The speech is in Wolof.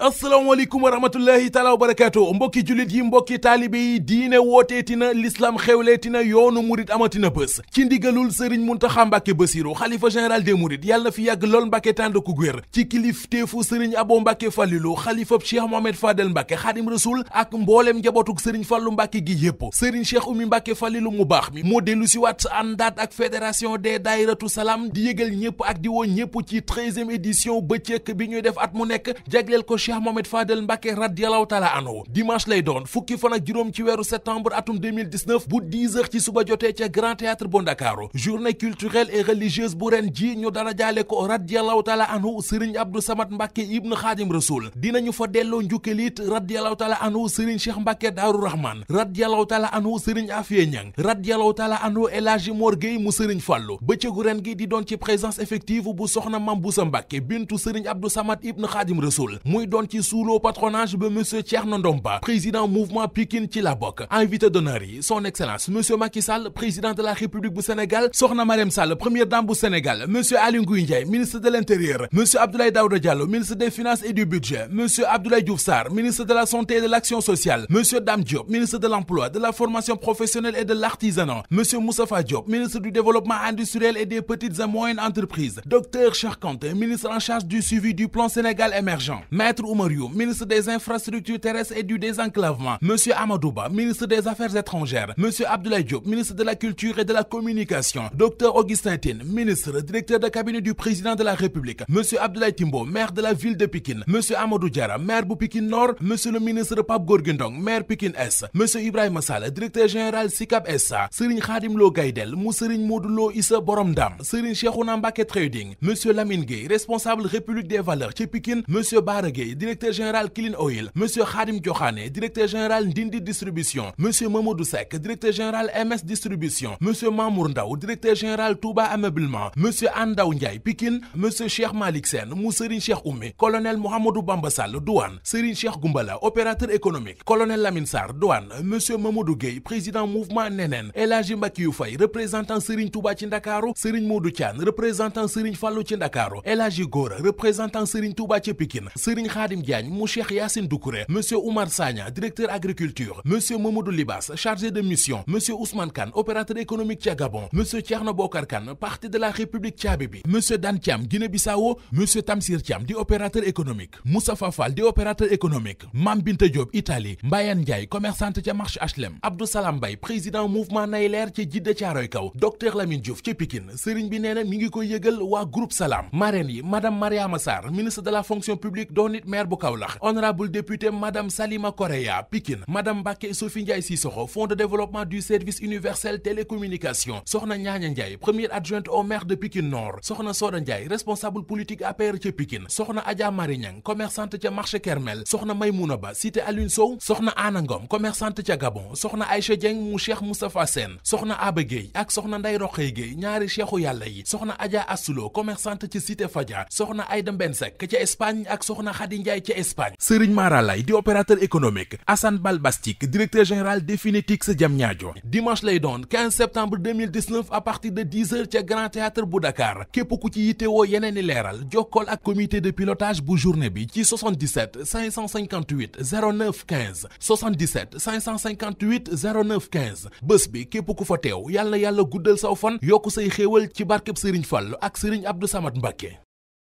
asalaamaaleykum wa rahmatullahi taala wa barakaatu mbokki jullit yi mbokki taalibe yi diine wooteeti na l'islam xewleeti na yoonu murit amatina bés ci ndigalul sëriñ muntaxa mbàkke basiru xalifa général des mourides yàlla fi yàgg lool mbàkke tànd ku gwér ci kilif téefu sëriñ abo mbàkke fàllilu xalifab cheikh mohamed fadel mbàkke xaadim rasul ak mbooleem njabootug sëriñ fallu mbàkke gi yépp sëriñ cheikh umi mbàkke fàllilu mu baax mi moo dellu si waat àndaat ak fédération des daayiratu salaam di yëgal ñëpp ak di woo ñëpp ci treizième édition bëccëg bi ñuy def at mu nekk jagleel cheikh mohamed fadel mbàkke radiallahu taala anhu dimanche lay doon fukki fan ak juróom ci weeru septembre atum 2019 bu 10 heures ci suba jotee ca grand théâtre bu ndakaaru journée culturelle et religieuse bu ren ji ñu dara ko radiallahu taala anhu sëriñ abdou samad mbàkke ibn xaadim rasul dinañu fa delloo njukkaliit radiallahu taala anhu sëriñ cheikh mbàkke daaru rahman radiallahu taala anhu sëriñ afiye ñang radiallahu taala anhu mu sëriñ di doon ci présence effective bu soxna mam doon ci suuloo patronage ba monsieur Thierno Ndomba président mouvement Pikine ci la bokk invité d'honneur yi son excellence monsieur Macky Sall président de la république bu Sénégal soxna Mariam Sall première dame bu Sénégal monsieur Aly Ngouille Ndiaye ministre de l'intérieur monsieur Abdoulaye Daouda ministre des finances et du budget monsieur Abdoulaye Diouf ministre de la santé et de l'action sociale monsieur Dame Diop ministre de l'emploi de la formation professionnelle et de l'artisanat monsieur Moustapha Diop ministre du développement industriel et des petites et moyennes entreprises docteur Cheikh ministre en charge du suivi maître Oumar Youm ministre des infrastructures terrestres et du désenclavement monsieur Amadou Ba ministre des affaires étrangères monsieur Abdoulaye Diop ministre de la culture et de la communication docteur Augustin ministre directeur de cabinet du président de la République monsieur Abdoulaye Timbo maire de la ville de Pikine monsieur Amadou Diarra maire bu Pikine Nord monsieur le ministre Pape Gorgui maire Pikine Est monsieur Ibrahima Sall directeur général SICAP SA Serigne Khadim Lo Gaydel mu Serigne Modou Gueye directeur général Clean Oil monsieur Khadim Diokhane directeur général Ndindi distribution m Mamadou Seck directeur général MS distribution monsieur Mamour Ndaw directeur général Touba m monsieur Andaw Ndiaye Pikine monsieur Cheikh Malick Sène mu Serigne Cheikh Oumy colonel Mouhamadou Bamba Sall douane Cheikh Goumbala opérateur économique colonel Lamine Sarr douane monsieur Mamadou Gueye président mouvement Neneen El Hadji Mbakiou Faye représentant Serigne Touba ci Ndakaaru Serigne Modou Thiane représentant ci Ndakaaru El Hadji Gora représentant Khadim Diagne mu Cheikh Yacine Doucouré monsieur Oumar Sagna directeur agriculture monsieur Mamadou Libas chargé de mission monsieur Ousmane Kane opérateur économique ca Gabon monsieur Thierno Bokar Kane parti de la République Tchadibi monsieur Dan Thiam Guinée-Bissau monsieur Tamsir Thiam di opérateur économique Moustapha Fall di opérateur économique Mame Binta Diop Italie Mbayane Ndiaye commerçante ca marché HLM Abdou Salam président mouvement nay leer ca Jidda Caaroy Kaw docteur Lamine Diouf ca Pikine sëriñ maire bu Kaolack honorable député madame Salima Korea Pikine madame Mbacké Sophie Ndiaye Sissoko fonds de développement du service universel télécommunication soxna Ñaaña Ndiaye première adjointe au maire de Pikine Nord soxna Soda Ndiaye responsable politique APR ca Pikine soxna Adja Mari Niang ca marché Kermel soxna Maymouna Ba cité Alioune Sow soxna Ana Ngom ca Gabon soxna Aïcha Dieng mu Cheikh Moustapha Sène soxna Aba Gueye ak soxna Nday Roxey Khady Ndiaye ca Espagne Serigne Mara Lay di opérateur économique Assane Balbastik directeur général d'Efinitix Diamniadio dimanche lay doon 15 septembre 2019 à partir de 10 heures ca Grand Théâtre bu Dakar képp ku ci yittewoo yeneen i leeral jokkool ak comité de pilotage bu journée bi ci 77 558 09 15 77 558 09 15 bés bi képp ku fa teew yàlla yàlla guddal saw fan yokk say xéewal ci barkeb Serigne Fall ak Serigne Abdou Samad